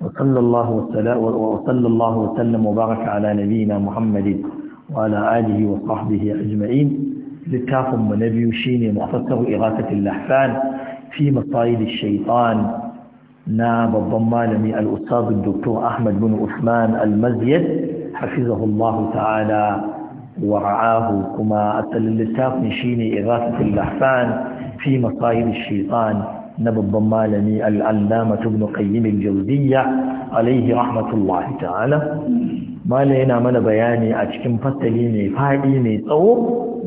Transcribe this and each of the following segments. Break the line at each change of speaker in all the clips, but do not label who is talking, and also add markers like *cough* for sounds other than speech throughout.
وصلى الله وصلى الله وسلم وبارك على نبينا محمد وعلى آله وصحبه أجمعين لتافم ونبي شيني مختصر إغاثة اللحفان في مصايد الشيطان ناب الضمالمي الأستاذ الدكتور أحمد بن عثمان المزيد حفظه الله تعالى ورعاه كما اتى اللتاف شيني إغاثة اللحفان في مصايد الشيطان na babban malami al'allama tubnu ƙayyimin jaudiyya alaihi rahmatullahi ta'ala malam yana mana bayani a cikin fasali mai faɗi mai tsawo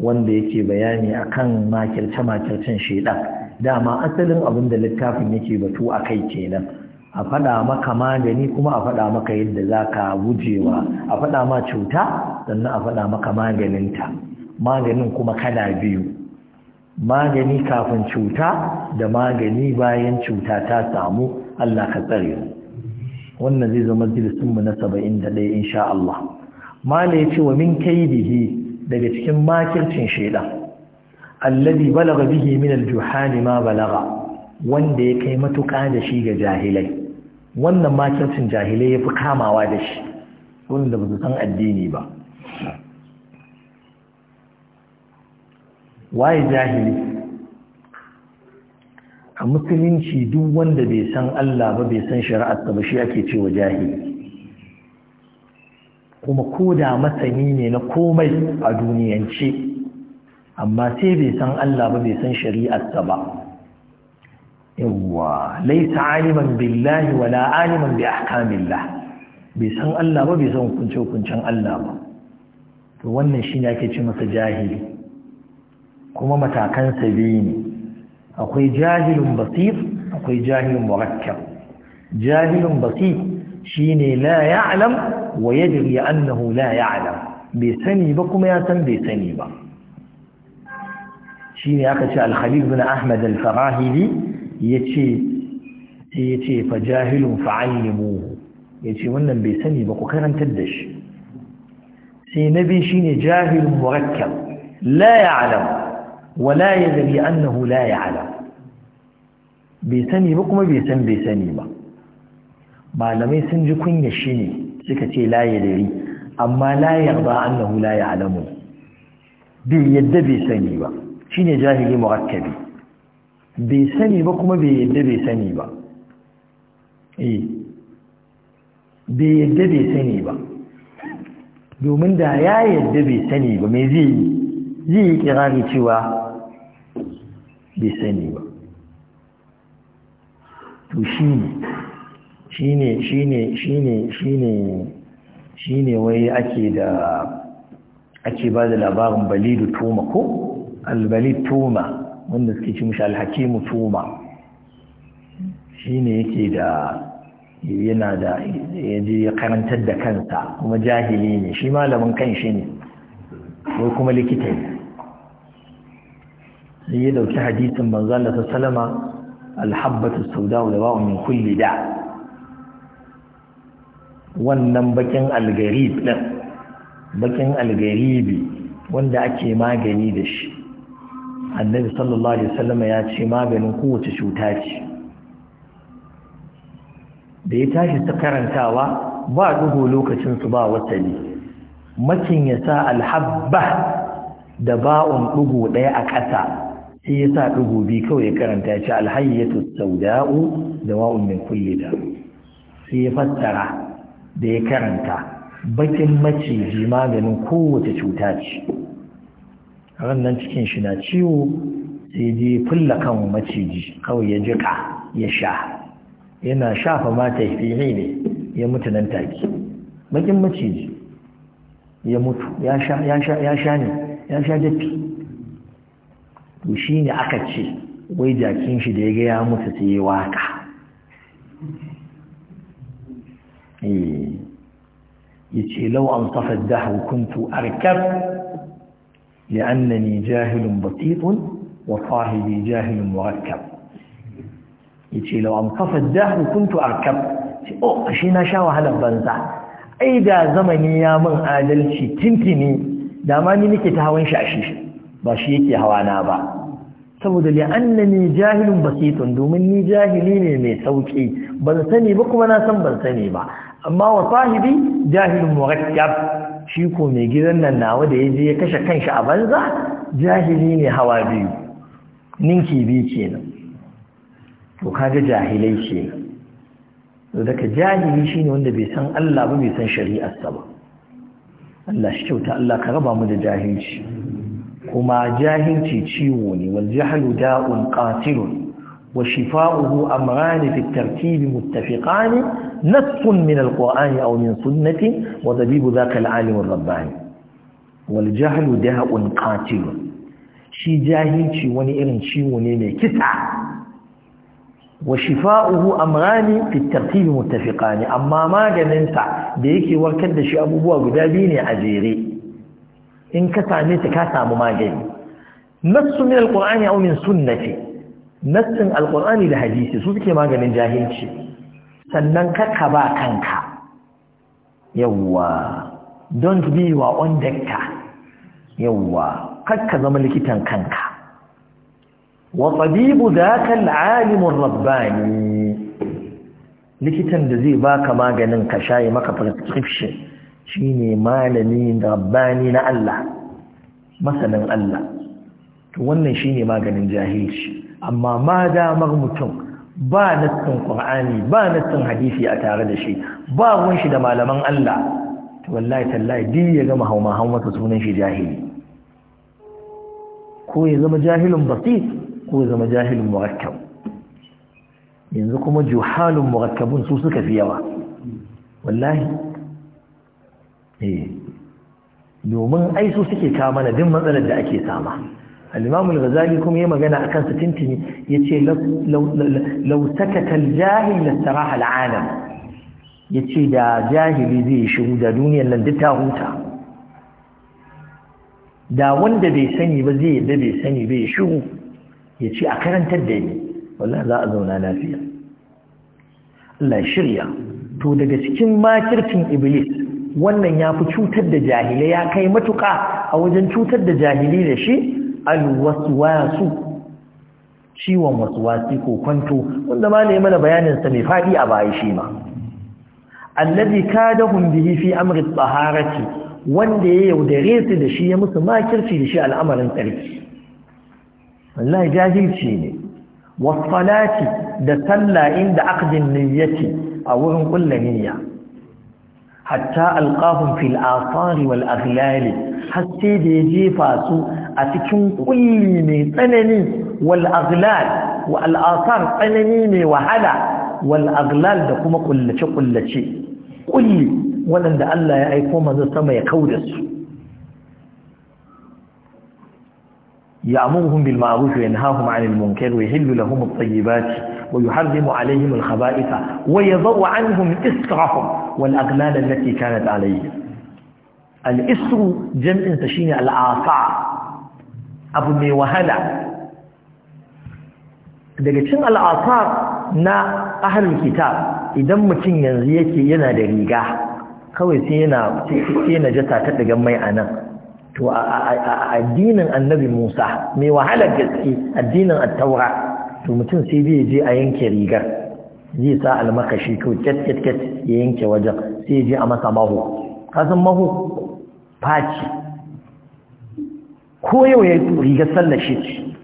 wanda yake bayani a kan makirce-makircen shaidan dama asalin abin da littafin yake batu a kai kenan a faɗa maka magani kuma a faɗa maka yadda za ka gujewa a faɗa ma cuta sannan a faɗa maka maganinta maganin kuma kana biyu magani kafin cuta da magani bayan cuta ta samu Allah ka tsare mu wannan zai zama majalisin mu na 71 insha Allah mala yace wa min kaidihi daga cikin makircin shaidan alladhi balagha bihi min aljuhani ma balagha wanda ya kai matuƙa da shi ga jahilai wannan makircin jahilai yafi kamawa da shi wanda ba su san addini ba waye jahili a musulunci duk wanda bai san Allah ba bai san ta ba shi ake cewa jahili kuma ko da masani ne na komai a duniyance amma sai bai san Allah ba bai san ta ba yawwa laisa aliman billahi wala aliman bi ahkamillah bai san Allah ba bai san hukunce hukuncen Allah ba to wannan shine ake ce masa jahili kuma matakan sa biyu ne akwai jahilun basir akwai jahilun murakkab jahilun basir shine la ya'lam wa yadri annahu la ya'lam bai sani ba kuma ya san bai sani ba shine aka ce al-khalid bin ahmad al-farahili yace yace fa jahilun fa'allimu yace wannan bai sani ba ku karantar da shi sai nabi shine jahilun murakkab la ya'lam wala ya أنه لا يعلم ya'lam bai sani ba kuma bai san bai sani ba malamai sun ji kunya shi ne suka ce la ya ما amma la yarda annahu بكم بيد bai yadda bai sani ba shine eh. yadda bai sani ba domin da ya yadda bai sani ba mai zai yi zai yi kirari cewa bai sani ba to shi ne shi ne shi ne shi ne shi ne wai ake da ake ba da labarin balidu tuma ko albalid tuma wanda suke ci mushi alhakimu tuma shi ne yake da yana da yaje ya karantar da kansa kuma jahili ne shi malamin kan shi ne wai kuma likita ne sai ya dauki hadisin manzon Allah sallama alhabbatu da wa min kulli da wannan bakin algarib bakin algaribi wanda ake magani da shi annabi sallallahu alaihi wasallam ya ce maganin kowace cuta ce da ya tashi ta karantawa ba duhu lokacin su ba watanni. makin ya sa alhabba da ba'un dugu ɗaya a ƙasa sai ya sa ɗigo bi kawai ya karanta ya ce alhayyatu sauda'u da wa'un min kulli da sai ya fassara da ya karanta bakin maciji maganin kowace cuta ce ran nan cikin shi na ciwo sai je fulla kan maciji kawai ya jika ya sha yana shafa mata fiye ne ya mutu nan take bakin maciji ya mutu ya sha ne ya sha dafi to shi ne aka ce wai jakin shi da ya gaya musu sai yi waka eh, ya ce lau an safar da hukuntu arkar li'annani jahilun batitun wa sahibi jahilun murakkab ya ce lau an safar da hukuntu arkab ce o oh, shi na sha wahalar banza ai da zamani ya min adalci tintini da ma ni nake ta hawan shashi ba shi yake hawa na ba saboda li'annani jahilun basitun domin ni jahili ne mai sauki ban sani ba kuma na san ban sani ba amma wa sahibi jahilun murakkab shi ko mai gidan nan nawa da yaje ya kashe kanshi a banza jahili ne hawa biyu ninki bi kenan to kaga jahilai kenan daga jahili shine wanda bai san Allah ba bai san shari'arsa ba Allah shi kyauta Allah ka raba mu da jahilci kuma jahilci ciwo ne wal jahlu da'un qatilun wa shifa'uhu amran fi tartib muttafiqan nass min alqur'ani aw min sunnati wa dabibu dhaka alalim ar-rabbani wal jahlu da'un qatilun shi jahilci wani irin ciwo ne mai kisa wa shifa'uhu amran fi tartib muttafiqan amma maganinsa da yake warkar da shi abubuwa guda biyu ne a jere in ka same ta ka samu magani nassu min alqur'ani aw min sunnati nassin alqur'ani da hadisi su suke maganin jahilci sannan ka ba kanka yawwa don't be wa on dakka yawwa ka zama likitan kanka wa tabibu dhaka alalim rabbani likitan da zai baka maganin ka shaye maka prescription shine malami rabbani na Allah masanin Allah to wannan shine maganin jahilci amma ma damar mutum ba nassin Qur'ani ba nassin hadisi a tare da shi ba gun shi da malaman Allah to wallahi tallahi din ya gama hauma hauma sunan shi jahili ko ya zama jahilun basit ko ya zama jahilun murakkab yanzu kuma juhalun murakkabun su suka fi yawa wallahi Eh. domin ai su suke kawo mana duk matsalar da ake sama al-imam al-ghazali kuma yayi magana akan su tintini yace law sakata al-jahil lastaraha al-alam yace da jahili zai shiru da duniyar nan duk ta huta da wanda bai sani ba zai yadda bai sani bai shiru ce a karantar da ni wallahi za a zauna lafiya Allah shirya to daga cikin makircin iblis wannan ya fi cutar da jahilai ya kai matuƙa a wajen cutar da jahilai da shi alwaswasu ciwon waswasi ko kwanto wanda ma ne mana bayaninsa mai faɗi a baya shi ma allazi kadahum bihi fi amri taharati wanda ya yaudare su da shi ya musu makirci da shi al'amarin tsarki wallahi jahilci ne wasalati da sallah inda aqdin niyyati a wurin kullu niyya hatta alƙafin fil’afari wal’afilari har sai da ya jefa su a cikin ƙulli mai tsanani wal’afilari wa al’afar tsanani mai wahala wal’afilari da kuma ƙullace-ƙullace ƙulli waɗanda Allah ya aiko manzo sama ya kau da su ya amurhun bil ma'aruf wa yanhahum 'anil munkar wa yahillu lahum at-tayyibat wa yuharrimu 'alayhim al-khaba'itha wa yadh'u 'anhum israhum والأغلال التي كانت عليه shi جمع تشين العاصع mai wahala. daga cin al'asar na ahal kitab idan mutum yanzu yake yana da riga kawai sai yana sai jata ta daga mai anan to a addinin annabi Musa mai wahalar gaske addinin Attaura, to mutum sai zai je a yanke rigar zai sa almakashi ko ket ya yanke wajen sai je a masa maho kasan maho faci ko yau ya riga sallar ce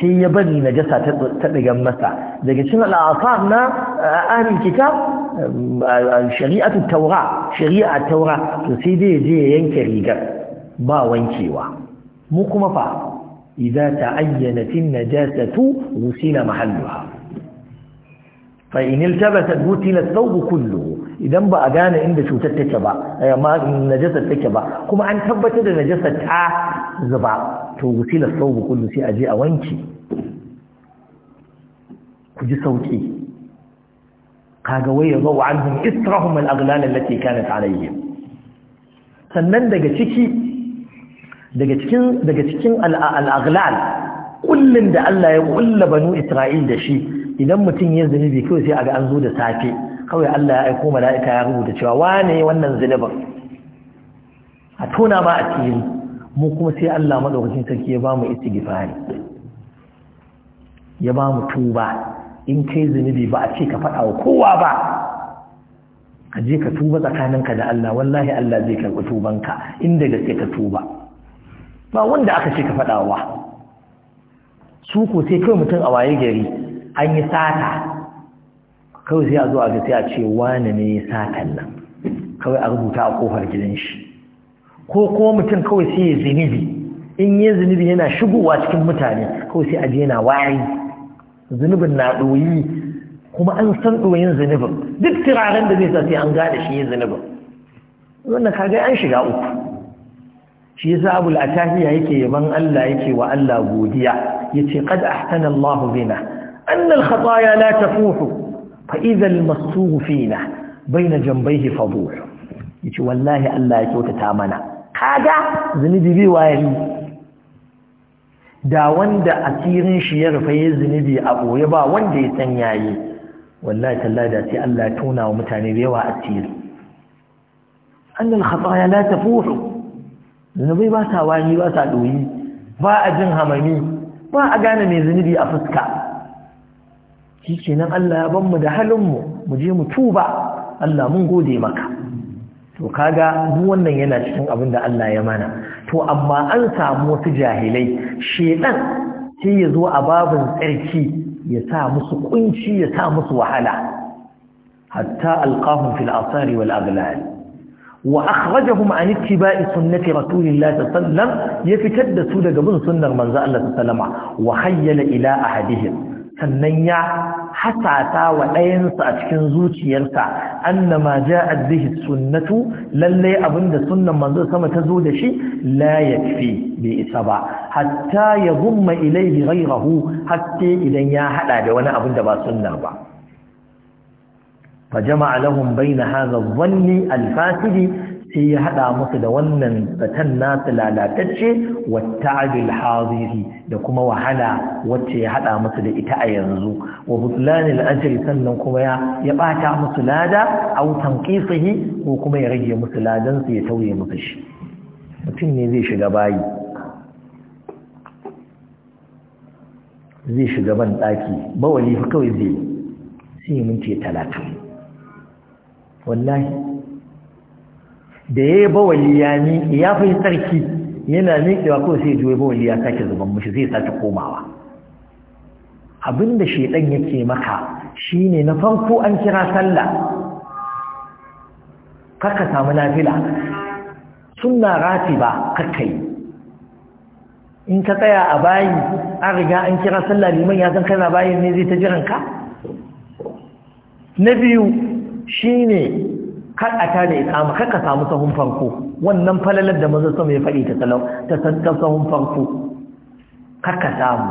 sai ya bari na jasa ta ɗigan masa daga cin al'asar na eh, ahalin kita eh, taura shari'a taura to sai dai je ya yanke rigar ba wankewa mu kuma fa ta ayyana an-najasatu wusila mahalluha فإن التبس جوتين الثوب كله إذا ما أجانا إن دشو تتكبا ما نجس التكبا كم أن تبت إذا نجس التع زبا توجتين الثوب كله شيء أجي أوانكي كجي صوتي قاقوي ضو عنهم إسرهم الأغلال التي كانت عليهم سنن دقا تكي دقا تكين دقا الأغلال كل دا الله يقول لبنو إسرائيل دشي idan mutum ya zunubi kawai sai a ga an zo da safe kawai Allah ya aiko mala'ika ya rubuta cewa wane wannan zunubin a tona ma a cikin mu kuma sai Allah maɗaukacin sarki ya ba mu gifari ya ba mu tuba in kai zunubi ba a ce ka faɗa wa kowa ba ka je ka tuba tsakaninka da Allah wallahi Allah zai karɓi tubanka inda sai ka tuba ba wanda aka ce ka faɗa wa su ko sai kai mutum a waye gari an yi sata kawai sai a zo a ga sai a ce wani ne satan nan kawai a rubuta a kofar gidan shi ko ko mutum kawai sai ya zunubi in yi zunubi yana shigowa cikin mutane kawai sai a je yana wari zunubin na ɗoyi kuma an san ɗoyin zunubin duk turaren da zai sa sai an gada shi yi zunubin wannan kaga an shiga uku shi yasa abul atahiya yake yaban Allah yake wa Allah godiya yace qad ahsana Allahu bina أن الخطايا لا تفوح فإذا المسوغ فينا بين جنبيه فضوح يقول والله ألا يكوت تامنا كاجا زنبي بي واري da wanda asirin shi ya rufe ya zunubi a ɓoye ba wanda ya san yayi wallahi tallahi da sai Allah ya tona wa mutane da yawa asiri annal khataya la tafuhu zunubi ba sa wani ba sa doyi ba a jin hamami ba a gane me zunubi a fuska shi kenan Allah ya mu da halinmu mu je mu tuba Allah mun gode maka to kaga duk wannan yana cikin abin da Allah ya mana to amma an samu wasu jahilai shedan sai ya zo a babin tsarki ya sa musu kunci ya sa musu wahala hatta alqahum fil asari wal aglal wa akhrajahum an ittiba'i sunnati rasulillahi sallallahu alaihi wasallam ya fitar da su daga bin sunnar manzo Allah sallallahu alaihi wasallam wa hayyala ila ahadihim sannan ya hasata wa ɗayansa a cikin zuciyarsa annama ja bihi sunnatu lallai abinda sunnan manzo sama ta zo da shi la yakfi isa ba hatta ya gumma ilaihi rahu. hatta idan ya hada da wani abin da ba sunna ba fa jama'a lahum bayna hadha dhanni al-fasidi sai ya haɗa musu da wannan zaton nasu lalatacce wata'adil hadiri da kuma wahala wacce ya haɗa musu da ita a yanzu wa butlanil ajri sannan kuma ya ya bata musu lada aw ƙisahi ko kuma ya rage musu ladan ya tauye musu shi mutum ne zai shiga bayi zai shiga ban daki bawali kawai zai sai minti talatin wallahi da ya yi waliya ni ya fi tsarki yana miƙewa ko sai juye yaba waliya sake zuban mushi zai sake komawa abinda shaidan yake maka shine na farko an kira sallah kaka samu nafila sunna ratiba kakkai in ka tsaya a bayi an riga an kira sallah liman ya san kana bayin ne zai ta jiranka na biyu shine kar a tada iqama kar ka samu sahun farko wannan falalar da manzo sama ya faɗi ta talau ta sahun farko kar ka samu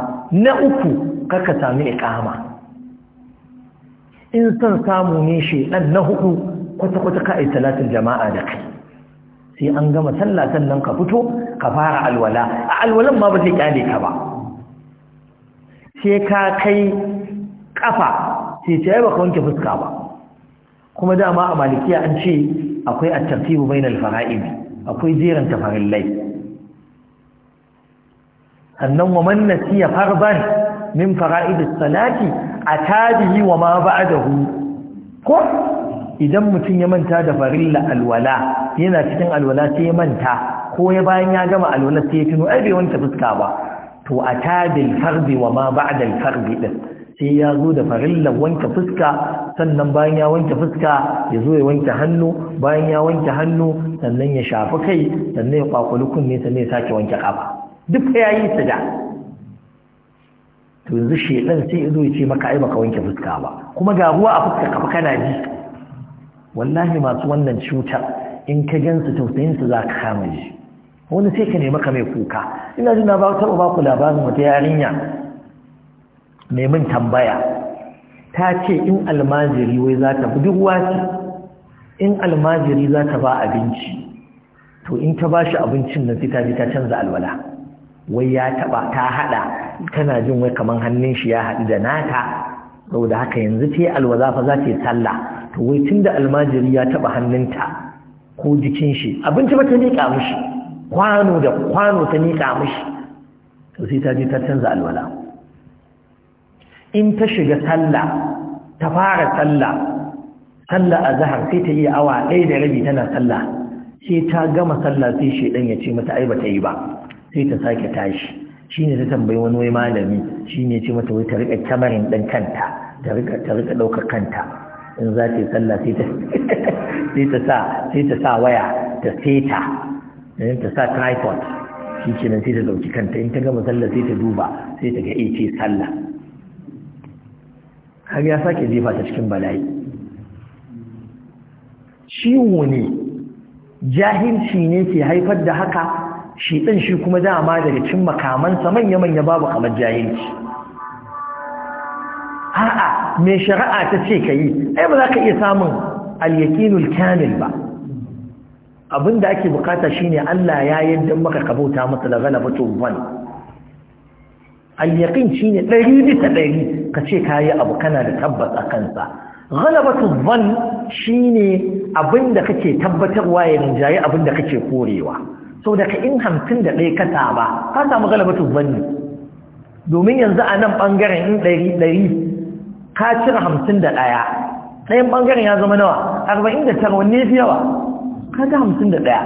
na uku kar ka samu iqama in san samu ne shedan na huɗu, kwata kwata ka ai salatin jama'a da kai sai an gama sallah sannan ka fito ka fara alwala a alwalan ma ba zai kyale ka ba sai ka kai kafa sai ce ba ka wanke fuska ba kuma dama a malikiya an ce akwai at-tartibu bainal fara'id akwai jeran tafarillai annan wa man nasiya farban min fara'id as-salati atabihi wa ma ba'dahu ko idan mutum ya manta da farilla alwala yana cikin alwala sai ya manta ko ya bayan ya gama alwala sai ya tuno ai bai ta fuska ba to atabil farbi wa ma ba'da farbi din sai ya zo da farillar wanke fuska sannan bayan ya wanke fuska ya zo ya wanke hannu bayan ya wanke hannu sannan ya shafi kai sannan ya kwakwali kunne sannan ya sake wanke kafa duk ya yi su da to yanzu shedan sai ya zo ya ce maka ai baka wanke fuska ba kuma ga ruwa a fuska kafa kana ji wallahi masu wannan cuta in ka gansu tausayinsu za ka kama ji wani sai ka nemi ka mai kuka ina jin na taɓa ba ku labarin wata yarinya mai min tambaya ta ce in almajiri wai za ta duk wasu in almajiri za ta ba abinci to in ta ba shi abincin na fita ta canza alwala wai ya taba ta hada tana jin wai kamar hannun shi ya haɗu da nata da haka yanzu ta yi alwala fa za ta yi sallah to wai tun da almajiri ya taba hannunta ko jikin shi abinci ba ta miƙa mishi kwano da kwano ta miƙa mishi to sai ta je ta canza alwala in ta shiga sallah ta fara sallah sallah a zahar sai ta yi awa ɗaya da rabi tana sallah sai ta gama sallah sai shaidan ya ce mata ai ba ta yi ba sai ta sake tashi shine ta tambayi wani wai malami shine ya ce mata wai ta rika kyamarin ɗan kanta ta rika ta rika ɗaukar kanta in za ta yi sallah sai ta *laughs* sai ta sa sai ta sa waya ta seta eh, ta sa tripod shi kenan sai ta ɗauki kanta in ta gama sallah sai ta duba sai ta ga eh ce sallah har ya sake jefa ta cikin bala'i ciwo ne jahilci ne ke haifar da haka shi ɗin shi kuma dama daga cin makamansa manya-manya babu kamar jahilci a'a mai shari'a ta ce ka yi ai ba za ka iya samun alyakinul kamil ba abinda ake bukata shine Allah ya yadda maka kabauta masa da galaba al-yaqin shine 100 bisa 100 kace kai abu kana da tabbas a kansa ghalabatu dhann shine abinda kake tabbatarwa ya rinjaye abinda kake korewa so daga in 51 ka saba ka samu ghalabatu dhann domin yanzu a nan bangaren in 100 ka cire 51 ɗayan ɓangaren ya zama nawa arba'in da tara wanne fi yawa kaga hamsin da ɗaya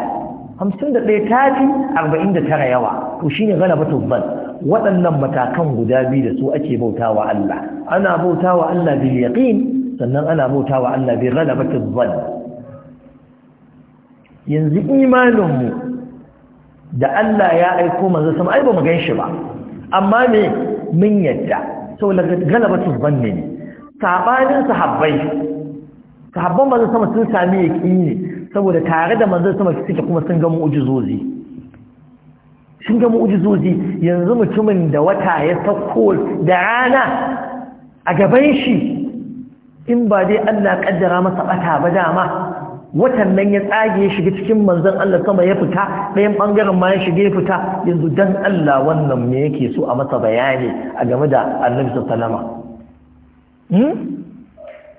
hamsin da ɗaya ta fi arba'in da tara yawa to shi ne gana batubban waɗannan matakan guda biyu da su ake bautawa Allah ana bautawa Allah bil yaqin sannan ana bautawa Allah bi ghalabati dhann yanzu imanin mu da Allah ya aiko manzo sama ai ba mu ganshi ba amma me mun yadda saboda ghalabati dhann ne sabanin sahabbai sahabban manzo sama sun sami yaqini saboda tare da manzo sama suke kuma sun ga mu'jizozi sun ga mu'ujizozi yanzu mutumin da wata ya sauko da rana a gaban shi in ba dai Allah kaddara masa bata ba dama watan nan ya tsage ya shiga cikin manzon Allah sama ya fita ɗayan bangaren ma ya shiga ya fita yanzu dan Allah wannan me yake so a masa bayani a game da Annabi sallama hmm?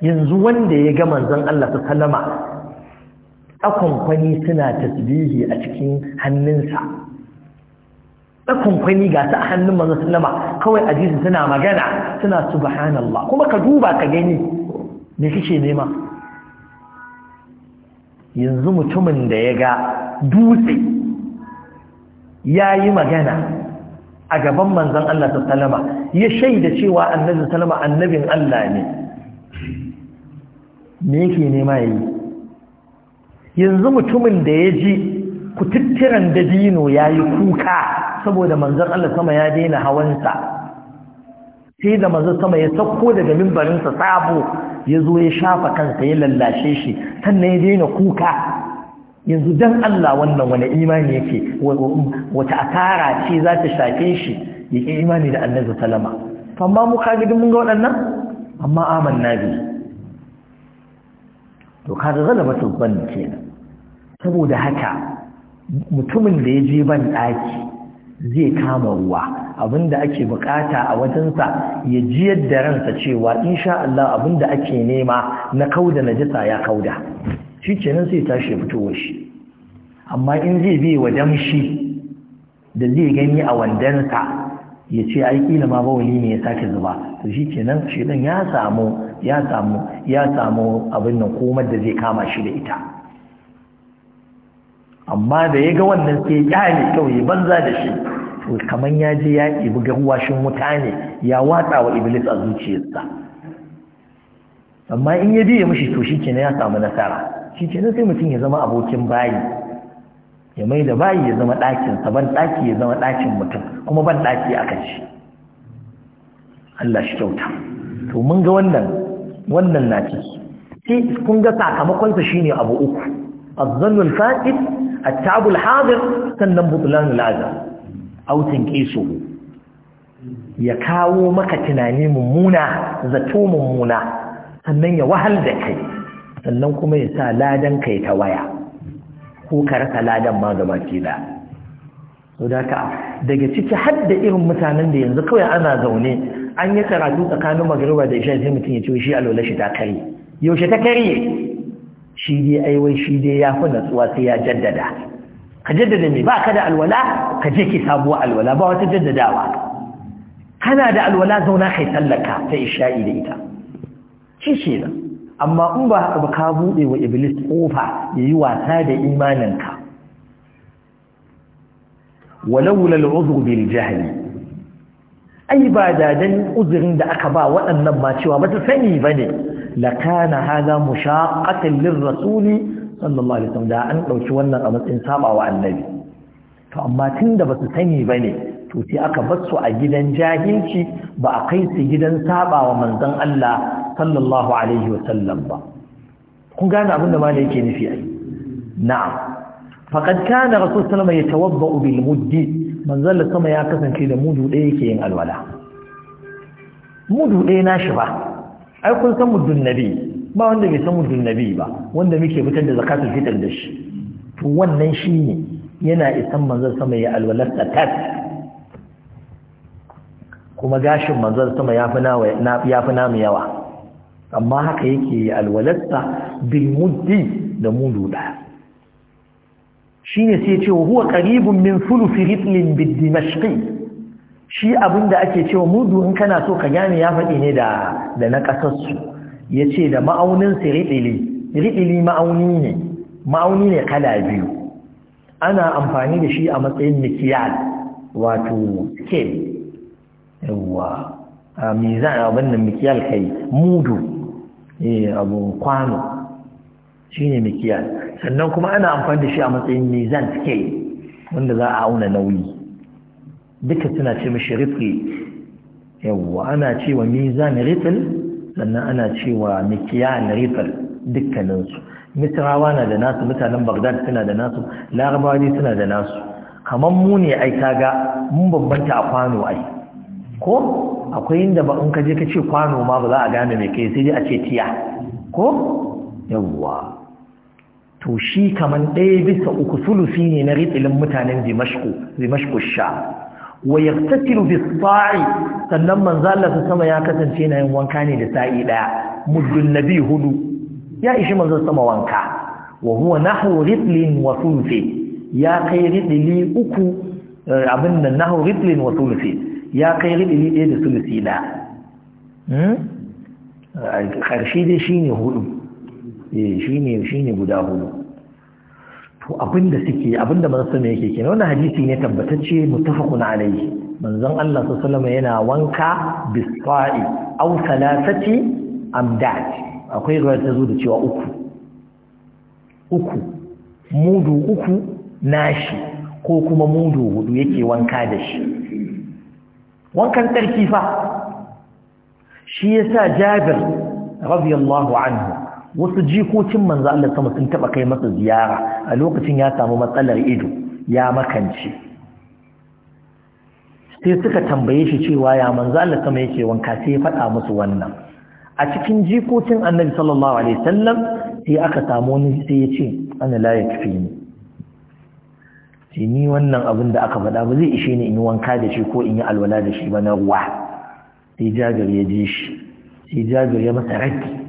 yanzu wanda ya ga manzon Allah sallama kwani suna tasbihi a cikin hannunsa ɗakon kwani ga su a hannun mazan sallama kawai ajiyar suna magana suna su bahanallah, kuma ka duba ka gani me kike nema yanzu mutumin da ya ga dutse ya yi magana a gaban manzan Allah ta salama ya shaida cewa annabin salama annabin Allah ne me yake nema yi yanzu mutumin da ya ji kututturan dabino ya yi kuka saboda manzon Allah sama ya daina hawansa sai da manzon sama ya sauko daga mimbarinsa sabo ya zo ya shafa kansa ya lallashe shi sannan ya daina kuka yanzu dan Allah wannan wani imani yake wata asara ce za ta shafe shi ya imani da annabi salama amma mu kagidin mun ga waɗannan amma aman nabi to kaga zalaba tubban kenan saboda haka mutumin da ya je ban ɗaki zai kama ruwa abinda ake bukata a wajensa ya ji yadda ransa cewa insha Allah abinda ake nema na kauda najasa ya kauda shi kenan sai tashi fitowa shi amma in zai bi wa damshi da zai gani a wandansa ya ce ai kila ma bawali ne ya sake zuba to shi kenan shi ya samu ya samu ya samu abin nan komar da zai kama shi da ita amma da ya ga wannan sai ya ne kawai banza da shi kamar ya je ya ibi garwashin mutane ya watsa wa iblis a zuciyarsa amma in ya biya mashi to shi kenan ya samu nasara shi kenan sai mutum ya zama abokin bayi ya mai da bayi ya zama ɗakinsa ban ɗaki ya zama ɗakin mutum kuma ban ɗaki a kan shi Allah shi kyauta to mun ga wannan wannan na ciki sai kun ga sakamakonsa shine abu uku azzannul fa'id attabul الحاضر sannan butlan lazar autin kiso ya kawo maka tunani mummuna zato mummuna sannan ya wahal da kai sannan kuma ya sa ladan kai ta waya ko ka rasa ladan ma gaba ke da so da ka daga ciki har da irin mutanen da yanzu kawai ana zaune an yi karatu tsakanin magariba da isha sai mutum ya ce shi alola shi ta kare yaushe ta kare shi dai aiwai shi dai ya fi natsuwa sai ya jaddada ka jaddada mai ba ka da alwala ka je ki sabuwa alwala ba wata jaddadawa kana da alwala zauna kai tallaka ta isha'i da ita shi shi nan amma in ba ba ka buɗe wa iblis ƙofa ya yi wasa da imaninka walaula al'uzur bil jahli ai ba da dan uzurin da aka ba waɗannan ma cewa ba ta sani bane lakana hadha mushaqqatan lirrasuli sallallahu alaihi wasallam da an ɗauki wannan a matsayin sabawa annabi to amma tunda basu sani ne, to sai aka basu a gidan jahilci ba a kai su gidan sabawa manzon Allah sallallahu alaihi wasallam ba kun gane abin da yake nufi ai na'am faqad kana rasul sallallahu alaihi wasallam yatawadda sama ya kasance da mudu ɗaya yake yin alwala mudu ɗaya nashi ba ai kun san muddun nabi ba wanda bai san muddun nabi ba wanda muke fitar da zakatul fitr da shi to wannan shine yana isan manzon sama ya alwalasta kuma gashin manzon sama ya fi nawa ya fi namu yawa amma haka yake alwalasta bil muddi da mudu da shine sai ya ce huwa qaribun min thuluthi ritlin bid dimashqi shi abin da ake cewa mudu in kana so ka gane ya faɗi ne da da na ƙasarsu ya ce da ma'aunin su riɗili riɗili ma'auni ne ma'auni ne kala biyu ana amfani da shi a matsayin mikiyal wato scale yawwa a mizan abin da mikiyal kai mudu eh, abu kwano shi ne mikiyal sannan kuma ana amfani da shi a matsayin mizan scale wanda za a auna nauyi duka suna ce mishi rifi yawwa ana cewa mizan rifil sannan ana cewa mikiyan rifil dukkaninsu misrawa na da nasu mutanen bagdad suna da nasu larabawa suna da nasu kamar mu ne ai kaga mun bambanta a kwano ai ko akwai inda ba in je ka ce kwano ma ba za a gane mai kai sai dai a ce tiya ko yawwa to shi kaman ɗaya bisa uku sulusi ne na ritsilin mutanen dimashku dimashku sha wa yaktatilu bis-sa'i sannan manzo Allah ta sama ya kasance yana yin wanka ne da sa'i daya muddun nabi hudu ya ishi manzo sama wanka wa huwa nahwu ridlin wa sulfi ya kai ridli uku eh, abin nan nahwu ritlin wa sulfi ya kai ridli ɗaya da sulfi da karshe hmm? eh, dai shine hudu eh shine shine guda hudu to abinda suke abinda manzo sallallahu alaihi yake kenan wannan hadisi ne tabbatacce muttafaqun alaihi manzon Allah sallallahu yana wanka bisfa'i aw thalathati amdad akwai ruwa ta zo da cewa uku uku mudu uku nashi ko kuma mudu hudu yake wanka da shi wankan tsarki fa shi yasa Jabir radiyallahu anhu wasu jikokin manzo Allah sama sun taba kai masa ziyara a lokacin ya samu matsalar ido ya makance sai suka tambaye shi cewa ya manzo Allah sama yake wanka sai ya faɗa musu wannan a cikin jikokin Annabi sallallahu alaihi wasallam sai aka samu wani sai ya ce ana la yakfini ni wannan abin da aka faɗa ba zai ishe ni in yi wanka da shi ko in yi alwala da shi ba na ruwa sai jagar ya ji shi sai jagar ya masa raki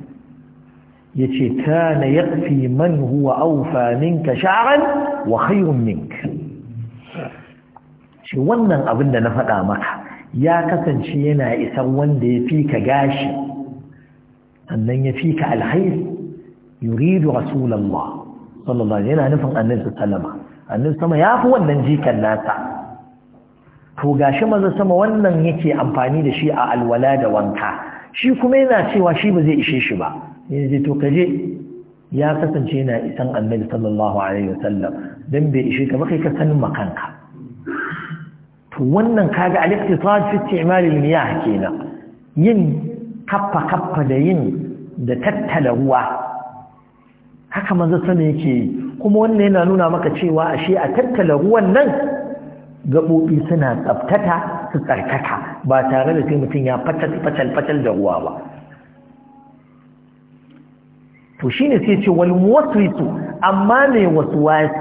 yace kana yakfi man huwa awfa ka sha'ran wa khayrun minka shi wannan abin da na faɗa maka ya kasance yana isan wanda ya fi ka gashi sannan ya fi ka alhair yuridu rasulallah sallallahu alaihi yana nufin annabi sallama annabi sama ya fi wannan jikan nasa to gashi maza sama wannan yake amfani da shi a alwala da wanka shi kuma yana cewa shi ba zai ishe shi ba ya je to kaje ya kasance na isan annabi sallallahu alaihi wasallam dan bai ishe ka ba ka sanin makanka to wannan kaga al-iqtisad fi isti'mal al-miyah kenan yin kaffa kaffa da yin da tattala ruwa haka manzo sani yake kuma wannan yana nuna maka cewa ashe a tattala ruwan nan gabobi suna tsaftata su tsarkaka ba tare da sai mutum ya fatal fatal fatal da ruwa ba to shine sai ce wal muwaswisu amma mai wasu ya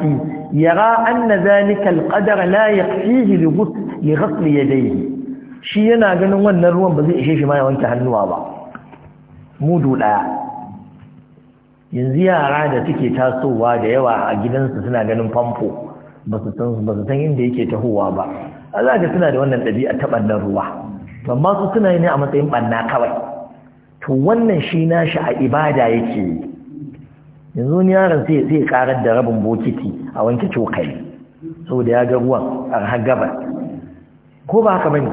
yara anna zalika al qadar la yakfihi li ya li ghasl yadayhi shi yana ganin wannan ruwan ba zai ishe shi ma ya wanke hannuwa ba mudu ɗaya. yanzu yara da suke tasowa da yawa a gidansu suna ganin famfo ba su san inda yake tahowa ba a suna da wannan ɗabi'a ta ɓannan ruwa amma su suna yi ne a matsayin ɓanna kawai to wannan shi nashi a ibada yake yanzu ni yaron sai sai karar da rabin bokiti a wanke cokali saboda ya ga ruwan har gaba ko ba haka bane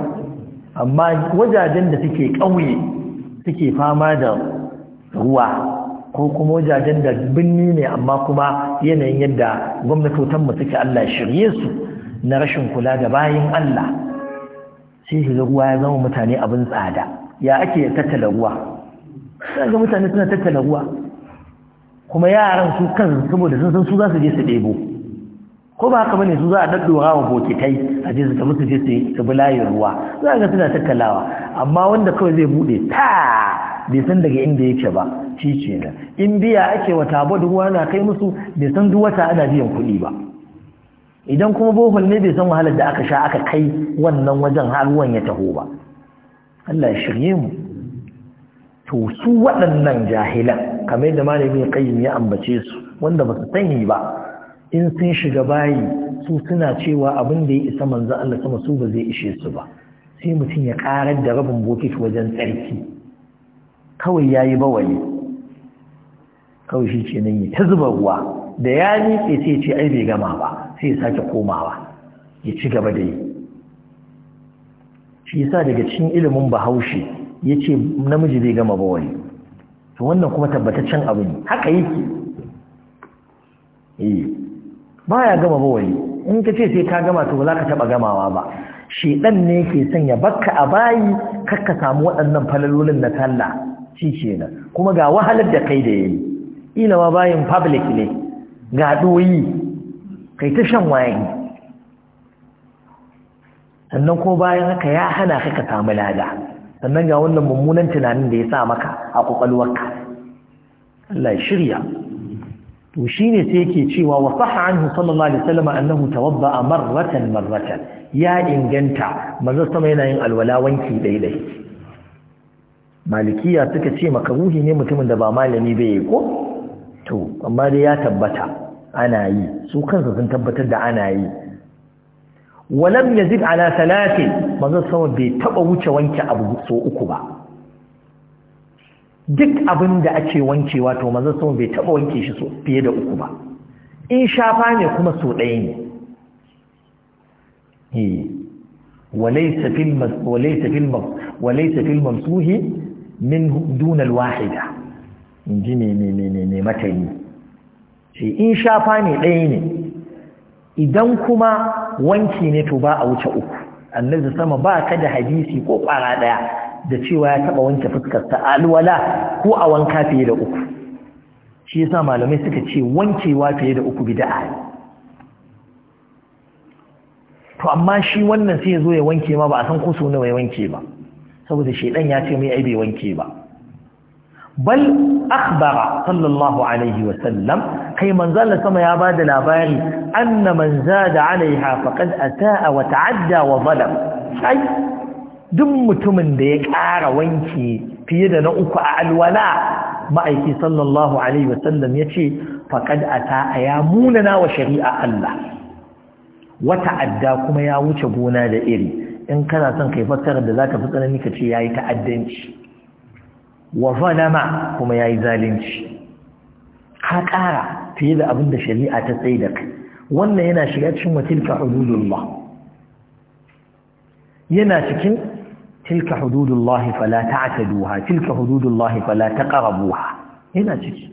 amma wajajen da suke ƙauye suke fama da ruwa ko kuma wajajen da binni ne amma kuma yanayin yadda mu suke Allah shirye su na rashin kula da bayan Allah sai shiga ruwa ya zama mutane abin tsada ya ake tattala ruwa sai ga mutane suna tattala ruwa kuma yaran su kan saboda sun san su za su je su ɗebo ko ba haka bane su za a daddora wa bokitai a je su tafi su je su tabi layin ruwa za ga suna tattalawa amma wanda kawai zai buɗe ta bai san daga inda yake ba shi ce na in biya ake wata abu ruwa na kai musu bai san duk wata ana biyan kuɗi ba idan kuma bohol ne bai san wahalar da aka sha aka kai wannan wajen har ruwan ya taho ba Allah ya shirye mu to su waɗannan jahilan kamar yadda malami qayyim ya ambace su wanda ba su sani ba in sun shiga bayi su suna cewa abin da ya isa manzo Allah sama su ba zai ishe su ba sai mutum ya karar da rabin bokiti wajen tsarki kawai yayi bawali kawai shi ce nan ya ta zuba ruwa da ya miƙe sai ce ai bai gama ba sai ya sake komawa ya ci gaba da yi shi yasa daga cikin ilimin bahaushe ya ce namiji zai gama wani to wannan kuma tabbataccen abu ne haka yake eh, ba ya gama bawali in ka ce sai ka gama to za ka taɓa gamawa ba shedan ne ke sanya bakka a bayi kakka samu waɗannan falalolin na talla shi ce na kuma ga wahalar da kai da yayi ila ma bayin public ne ga doyi kai ta shan waye sannan ko bayan haka ya hana ka ka samu lada sannan ga wannan mummunan tunanin da ya sa maka a kwakwalwarka Allah ya shirya to ne sai yake cewa wa sahanhu sallallahu alaihi wasallam annahu tawadda marratan marratan ya inganta maza sama yana yin alwala wanki daidai malikiya suka ce makaruhi ne mutumin da ba malami bai ko to amma dai ya tabbata ana yi su kansu sun tabbatar da ana yi walam yazid ala salatin manzo sama bai taba wuce wanke abu so uku ba duk abin da ake wankewa to mazan sama bai taba wanke shi so fiye da uku ba in shafa ne kuma so ɗaya ne Walaisa walaysa fil mamsuhi min dun al wahida inji ne ne matayi in shafa ne ɗaya ne idan kuma wanki ne to ba a wuce uku annabi sama ba ka da hadisi ko kwara daya da cewa ya taba wanke fuskar ta alwala ko a wanka fiye da uku shi yasa malamai suka ce wankewa fiye da uku bid'a to amma shi wannan sai ya zo ya wanke ma ba a san ko so nawa ya wanke ba saboda shedan ya ce mai ai bai wanke ba bal akhbara sallallahu alaihi wa sallam kai manzon sama ya bada labari anna man zada alaiha faqad ataa wa ta'adda wa zalam ai duk mutumin da ya ƙara wanki fiye da na uku a alwala ma'aiki sallallahu alaihi wa sallam yace faqad ataa ya munana wa shari'a Allah wa ta'adda kuma ya wuce gona da iri in kana son kai fassara da zaka fi ni kace yayi ta'addanci wa zalama kuma yayi zalunci ka kara fiye da abinda shari'a ta tsaye da kai wannan yana shiga cikin tilka hududullah yana cikin tilka hududullah fala ta'taduha tilka hududullah fala taqrabuha yana ciki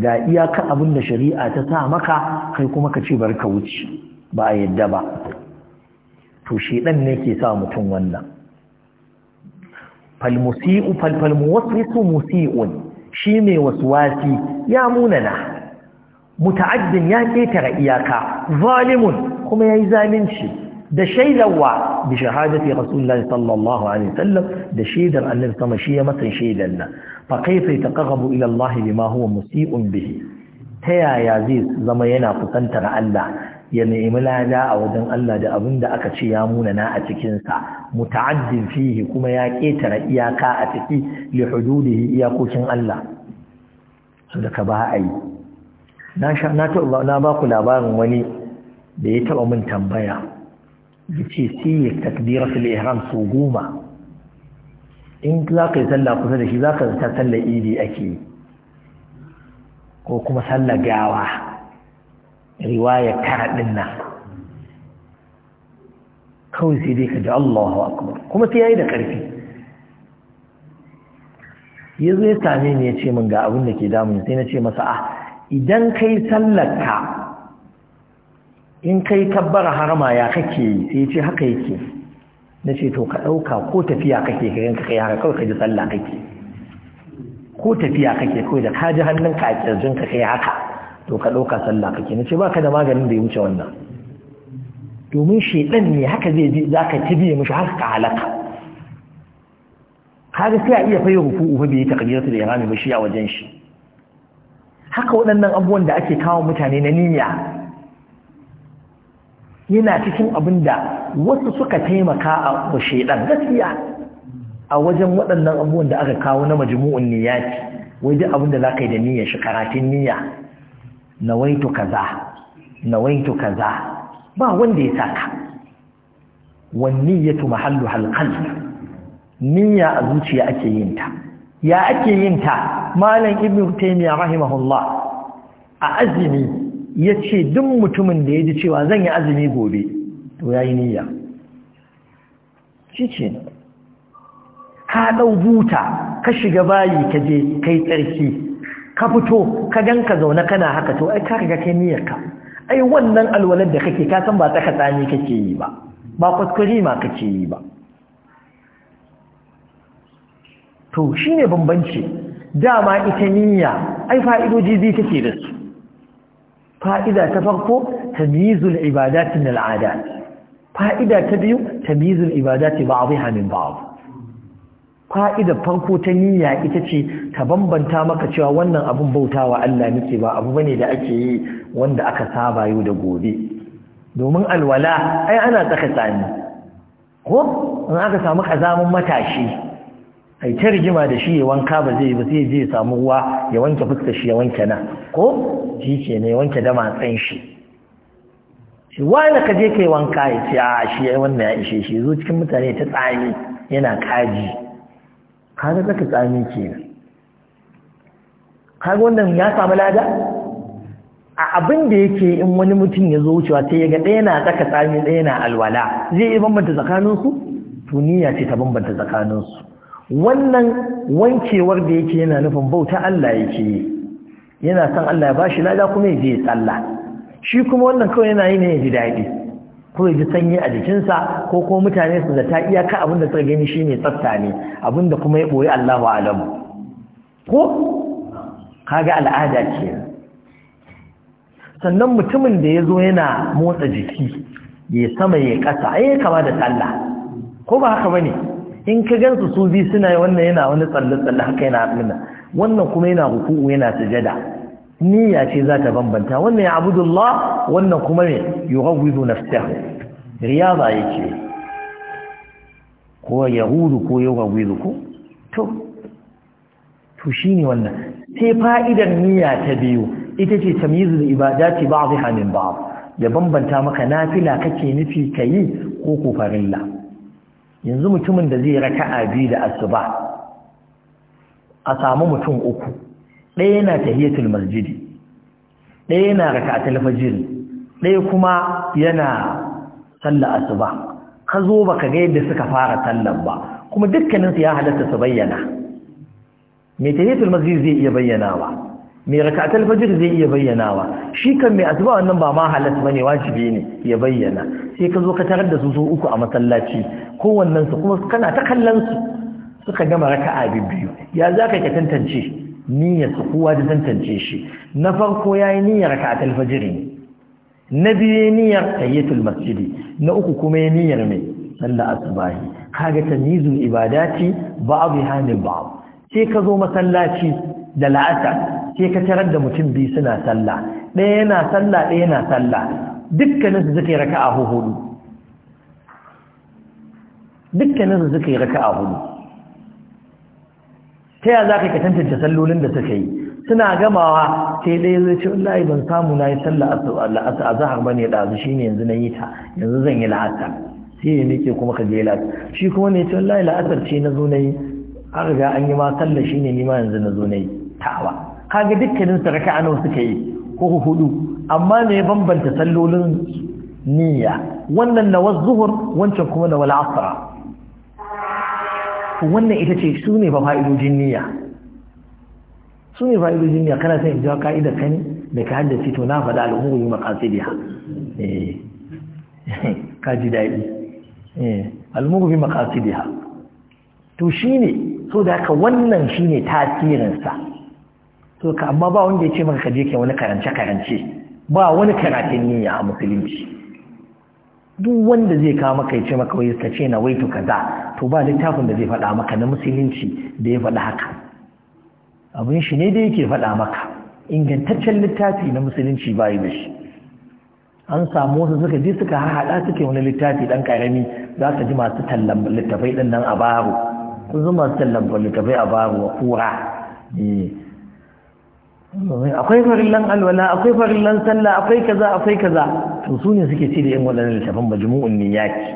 ga iyaka abinda shari'a ta sa maka kai kuma ka ce barka ka wuce ba a yadda ba to shedan ne ke sa mutum wannan falmusi'u falmuwaswisu musi'un shi mai wasi ya munana muta'addin ya ƙetare iyaka zalimun kuma yayi zalunci da shaidawa bi shahadati rasulullahi sallallahu alaihi wasallam da shaidar annabi sama shi ya masa shaidar nan fa kaifa yataqarrabu ila Allah bima huwa musi'un bihi ta yaya zai zama yana kusantar Allah ya nemi lada a wajen Allah da abin da aka ce ya munana a cikinsa muta'addin fihi kuma ya ƙetare iyaka a ciki li hududihi iyakokin Allah su da ka ba a yi na na ba ku labarin wani da ya taba min tambaya ya ce siye ihram su goma in za ka yi sallah kusa da shi za ka zata sallar idi ake ko kuma sallar gawa riwaya tara din nan kawai sai dai ka ji Allahu akbar kuma sai yayi da karfi yazo ya same ni ya ce min ga abin da ke damun sai na ce masa ah idan kai sallarka in kai tabbara harama ya kake sai ya ce haka yake na ce to ka ɗauka ko tafiya kake ka yanka kai haka kawai ka ji sallah kake ko tafiya kake kawai da ka ji hannunka a ka kai haka to ka ɗauka sallah kake na ce ba ka da maganin da ya wuce wannan domin shaidan ne haka zai ji za ka tibiye mashi har ka halaka kaga sai a iya fayyar ruku'u uba bai yi takbiratu da ihrami ba shi a wajen shi haka waɗannan abubuwan da ake kawo mutane na niyya yana cikin abin da wasu suka taimaka a shaidan gaskiya a wajen waɗannan abubuwan da aka kawo na majmu'un niyyati wai duk abin da za ka yi da niyya shi karatun niyya nawaitu kaza nawaitu kaza ba wanda ya saka niyyatu mahallu halqal niyya a zuciya ake yin ta ya ake yin ta malam ibnu taymiya rahimahullah a azumi yace duk mutumin da yaji cewa zan yi azumi gobe to yayi niyya cikin ka dau buta ka shiga bayi kaje kai tsarki ka fito ka ganka zaune kana haka to ai ka riga kai niyyar ka ai wannan alwalar da kake ka san ba ta katsani kake yi ba ba kuskure ma kake yi ba to shine bambanci dama ita niyya ai fa'idoji zai take da su fa'ida ta farko tamyizul ibadati min al'adat fa'ida ta biyu tamyizul ibadati ba'dha min ba'd Fa'ida farko ta niyya ita ce ta bambanta maka cewa wannan abin bauta wa Allah nake ba abu bane da ake yi wanda aka saba yau da gobe domin alwala ai ana tsaka tsani ko in aka samu kazamin matashi ai ta rigima da shi ya wanka ba zai ba sai je ya samu ruwa ya wanke fuskar shi ya wanke na ko shi ke ne ya wanke da tsan shi shi wani ka je kai wanka ya ce a shi wannan ya ishe shi zo cikin mutane ta tsani yana kaji kaga zaka tsami kenan kaga wannan ya samu lada a abin da yake in wani mutum ya zo wucewa sai ya ga ɗaya na tsaka tsami ɗaya na alwala zai yi bambanta tsakaninsu to niyya ce ta bambanta tsakaninsu wannan wankewar da yake yana nufin bauta Allah yake yi yana son Allah ya bashi lada kuma ya je ya tsalla shi kuma wannan kawai yana yi ne ya ji daɗi ko ya ji sanyi a jikinsa ko kuma mutane su zata iyaka abin da suka gani shi shine tsafta ne abin kuma ya boye Allahu alamu ko kaga al'ada ce sannan mutumin da ya zo yana motsa jiki ya sama ya kasa ai kama da tsalla ko ba haka ba ne." in ka gansu su bi suna wannan yana wani tsalle tsalle haka yana wannan kuma yana ruku'u yana sujada niyya ce za ta bambanta wannan ya abudullah wannan kuma ne yughawwidu nafsahu riyaba yake ko yahudu ko yughawwidu ko to to ne wannan sai fa'idar niyya ta biyu ita ce tamyizul ibadati ba'dha min ba'd ya bambanta maka nafila kake nufi kayi ko ko kofarilla. yanzu mutumin da zai a biyu da asuba a samu mutum uku ɗaya na tahiyatul masjidi ɗaya na raka'atul fajr ɗaya kuma yana sallar asuba ka zo baka ga yadda suka fara sallar ba kuma dukkanin su ya halatta su bayyana mai tahiyatul masjid zai iya bayyanawa mai raka'atul fajr zai iya bayyanawa shi kan mai asuba wannan ba ma halatta bane wajibi ne ya bayyana sai ka zo ka tarar da su uku a masallaci kowannen su kuma kana ta kallon su suka gama raka'a biyu ya zaka ka tantance niyyar kowa da tantance shi na farko ya yi niyyar ka alfajir ne na biyu niyyar tayyatul masjidi na uku kuma yayi niyyar mai sallar asbahi kaga tamyizul ibadati ba'dha min ba'd sai ka zo masallaci da la'asar sai ka tarar da mutum biyu suna sallah ɗaya yana sallah ɗaya yana sallah dukkanin su suka yi raka'a hudu dukkanin su suka yi raka'a hudu ta ya za ka tantance sallolin da suka yi suna gamawa sai dai zai ce wallahi ban samu na yi sallah a zahar ba ne ɗazu shi ne yanzu na yi ta yanzu zan yi la'asar sai ya nike kuma ka je la'asar shi kuma ne ce wallahi la'asar ce na zo na yi an riga an yi ma sallah shi ne nima yanzu na zo na yi tawa kaga dukkanin su raka'a nawa suka yi ko hudu amma me ya bambanta sallolin niyya wannan na zuhur wancan kuma na wal asra wannan ita ce su ne ba fa'idojin niyya su ne fa'idojin niyya kana sai in ka'idar ka'ida kan da ka haddace to na faɗa al'ummu yi maqasidiha eh *laughs* ka ji daɗi eh al'ummu bi maqasidiha to so da haka wannan shi ne tasirinsa to ka amma ba wanda ya ce maka ka je wani karance karance ba wani karatun niyya a musulunci duk wanda zai kawo maka ya ce maka wai ka ce na wai waitu kaza to ba littafin da zai faɗa maka na musulunci da ya faɗa haka abin shi ne da yake faɗa maka ingantaccen littafi na musulunci ba yi shi an samu wasu suka je suka haɗa suke wani littafi ɗan ƙarami za ka ji masu tallan littafai ɗin nan a baro kun zo masu tallan littafai a baro a kura eh, akwai farillan alwala akwai farillan sallah akwai kaza akwai kaza to su suke ce da yan waɗannan littafin majmu'un niyyati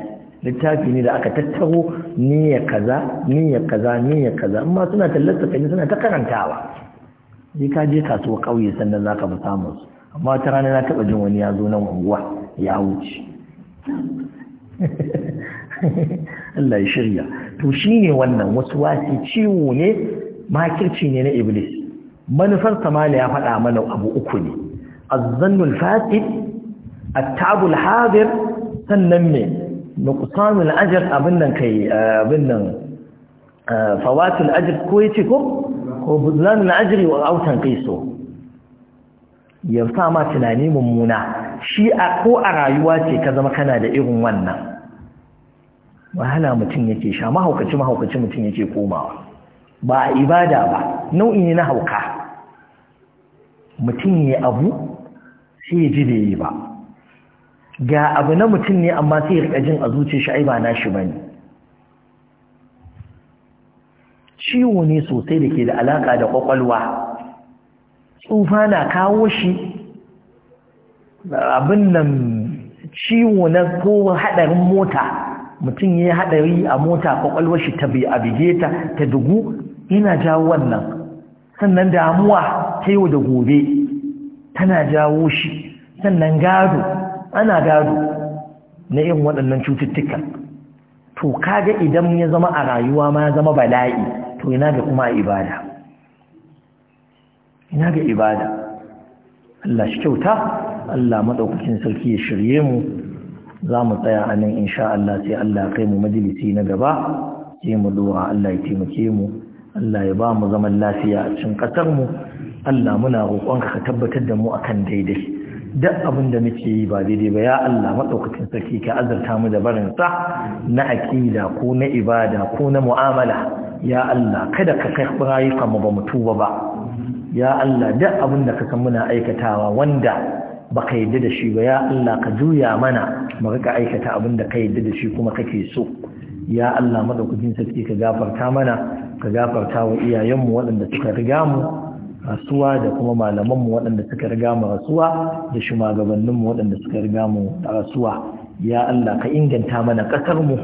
littafi ne da aka tattaro niyya kaza niyya kaza niyya kaza amma suna tallata kai suna ta karantawa sai ka je kasuwa kauye sannan zaka fi samun su amma ta rana na taba jin wani ya zo nan unguwa ya wuce *laughs* Allah ya shirya to shine wannan wasu wasi ciwo ne makirci ne na iblis manufar samali ya faɗa mana abu uku ne azzanul fasid attabul hadir sannan me nuqsanul ajr abin nan kai eh, abin nan eh, fawatul ajr ko yace ko ko ajri wa autan qiso ya sama tunani mummuna shi a ko a rayuwa ce ka zama kana da irin wannan wahala mutum yake sha mahaukaci mahaukaci mutum yake komawa ba a ibada ba nau'i ne na hauka mutum ya abu sai ya ji da yi ba ga abu na mutum ne amma sai ya rikajin jin a zuce shi ai ba na shi ba ne. ciwo ne sosai da ke da alaka da kwakwalwa tsufa na kawo shi abin nan ciwo na ko haɗarin mota mutum ya yi haɗari a mota kwakwalwa shi ta bige ta ta dugu yana jawo wannan sannan damuwa ta yau da gobe tana jawo shi sannan gado ana gado na yin waɗannan cututtuka to kaga idan ya zama a rayuwa ma ya zama bala'i to ina ga kuma ibada ina ga ibada Allah shi kyauta Allah maɗaukakin sarki ya shirye mu za mu tsaya a nan insha Allah sai Allah kai mu majalisi na gaba sai mu dora Allah ya taimake mu Allah ya ba mu zaman lafiya a cikin ƙasar mu Allah muna roƙonka ka tabbatar da mu akan daidai duk abin da muke yi ba daidai ba ya Allah maɗaukacin sarki ka azurta mu da barin sa na aƙida ko na ibada ko na mu'amala ya Allah kada ka kai rayuka mu ba mu tuba ba ya Allah duk abin da ka san muna aikatawa wanda baka yadda da shi ba ya Allah ka juya mana mu rika aikata abin da ka yadda da shi kuma kake so ya Allah madaukakin sarki ka gafarta mana ka gafarta wa iyayenmu waɗanda suka riga mu rasuwa da kuma malamanmu waɗanda suka riga mu rasuwa da shugabanninmu waɗanda suka riga mu rasuwa ya Allah ka inganta mana ƙasarmu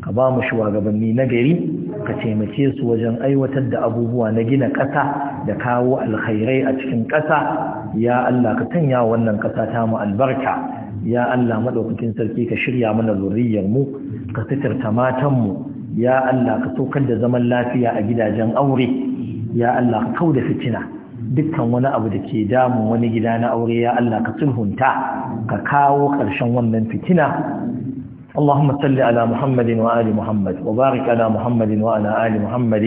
ka ba mu shugabanni na gari ka taimake su wajen aiwatar da abubuwa na gina ƙasa da kawo alkhairai a cikin ƙasa ya Allah ka sanya wannan ƙasa ta mu albarka ya Allah madaukakin sarki ka shirya mana zuriyar mu ka sitirta matan mu ya Allah ka saukar da zaman lafiya a gidajen aure ya Allah kau da fitina dukkan wani abu da ke damun wani gida na aure ya Allah ka sulhunta ka kawo ƙarshen wannan fitina اللهم صل على محمد وآل محمد وبارك على محمد وعلى آل محمد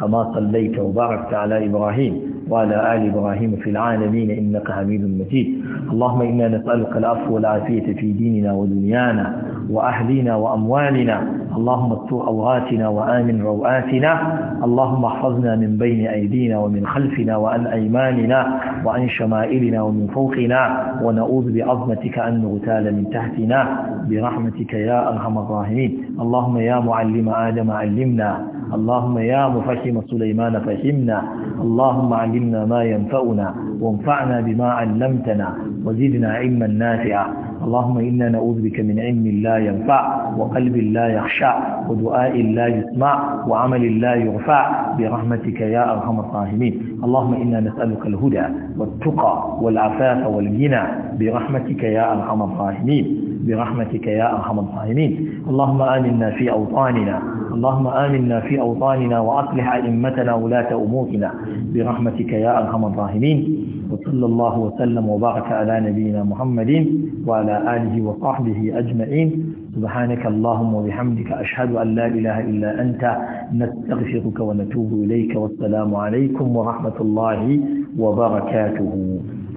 كما صليت وباركت على إبراهيم وعلى آل إبراهيم في العالمين إنك حميد مجيد اللهم إنا نسألك العفو والعافية في ديننا ودنيانا وأهلنا وأموالنا اللهم استر أوغاتنا وآمن روآتنا اللهم احفظنا من بين أيدينا ومن خلفنا وعن أيماننا وعن شمائلنا ومن فوقنا ونعوذ بعظمتك أن نغتال من تحتنا برحمتك يا أرحم الراحمين اللهم يا معلم آدم علمنا اللهم يا مفهم سليمان فهمنا اللهم علمنا ما ينفعنا وانفعنا بما علمتنا وزدنا علما نافعا اللهم إنا نعوذ بك من علم لا ينفع وقلب لا يخشع ودعاء لا يسمع وعمل لا يرفع برحمتك يا أرحم الراحمين اللهم إنا نسألك الهدى والتقى والعفاف والغنى برحمتك يا أرحم الراحمين برحمتك يا أرحم الراحمين اللهم آمنا في أوطاننا اللهم آمنا في أوطاننا وأصلح أئمتنا ولاة أمورنا برحمتك يا أرحم الراحمين وصلى الله وسلم وبارك على نبينا محمد وعلى وعلى آله وصحبه أجمعين سبحانك اللهم وبحمدك أشهد أن لا إله إلا أنت نستغفرك ونتوب إليك والسلام عليكم ورحمة الله وبركاته